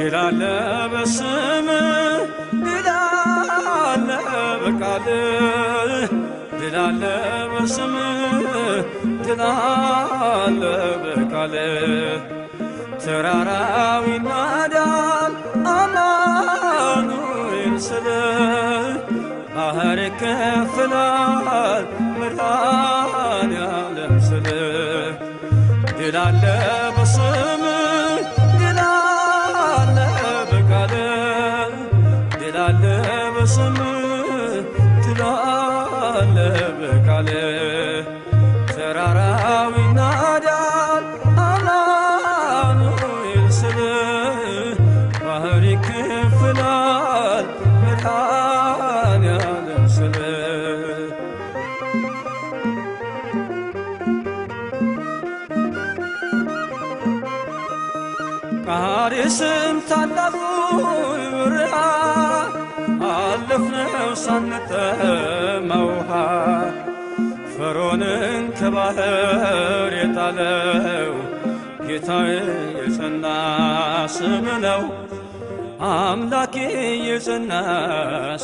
ድል አለ በስምህ ድል አለ በቃልህ ድል አለ በስምህ ድል አለ በቃልህ ተራራዊ ማዳን አማኑኤል ስለ ባህር ከፍላል መድኃኔዓለም ስለ ድል አለ ትላለ በስም ትላለ በቃለ ተራራው ይናዳል አማኑኤል ስም ባህር ይከፍላል መድኃኔዓለም ስም ቃሪ ስም ታላቁ አለፍነው ሳንጠማው ውሃ ፈርዖንን ከባህር የጣለው ጌታዬ የጸና ስም ነው። አምላኬ የጸና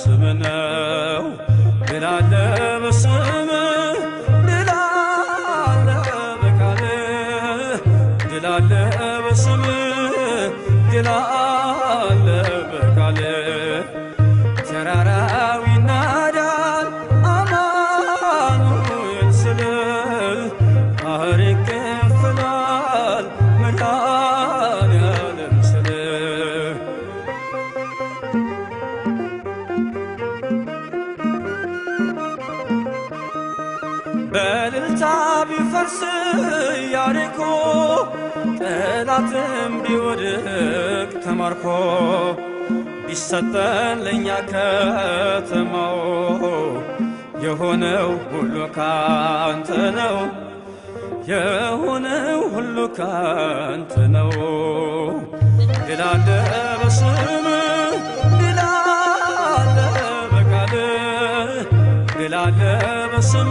ስም ነው። ሌላ አለ በስም አለ በቃል አለ በስም በልልታ ቢፈርስ ያሪኮ ጠላትም ቢወድቅ ተማርኮ ቢሰጠን ለእኛ ከተማው የሆነው ሁሉ ካንተ ነው የሆነው ሁሉ ካንተ ነው ድል አለ በስም ድል አለ በቃል ድል አለ በስም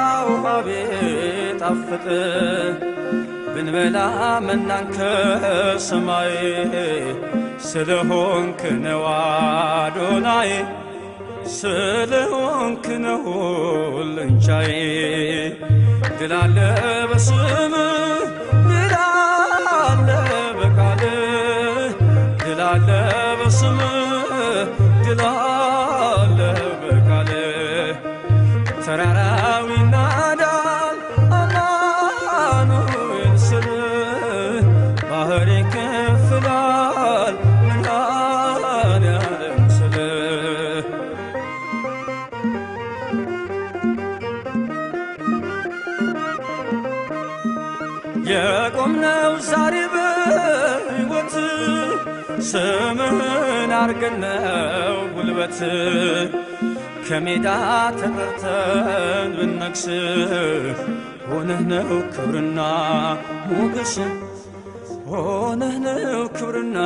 ቢጣፍጥ ብንበላ መናንከ ሰማይ ስለሆንክ ነው አዶናይ ስለሆንክ ነው ልንቻይ ድላለ በስም ድላለ በቃል ድላለ በስም ድላለ በቃል ተራራዊና የቆምነው ዛሬ በሕይወት ስምህን አርገነው ጉልበት ከሜዳ ተጠርተን ብነግስ ሆነህ ነው ክብርና ሞገስ ሆነህ ነው ክብርና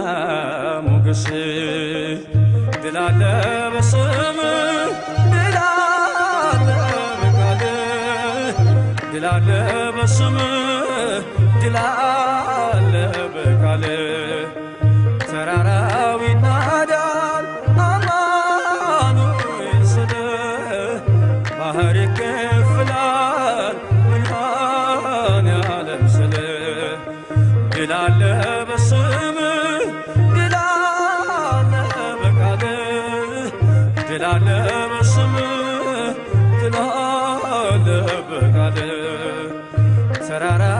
ሞገስ ድል አለ ድል አለ ድል አለ በስምህ ትችላለ በቃል ተራራው ይናዳል አማኑኤል ስለ ባህር ይከፍላል ብርሃን ያለም ስለ ድል በስም ድል በስም ተራራ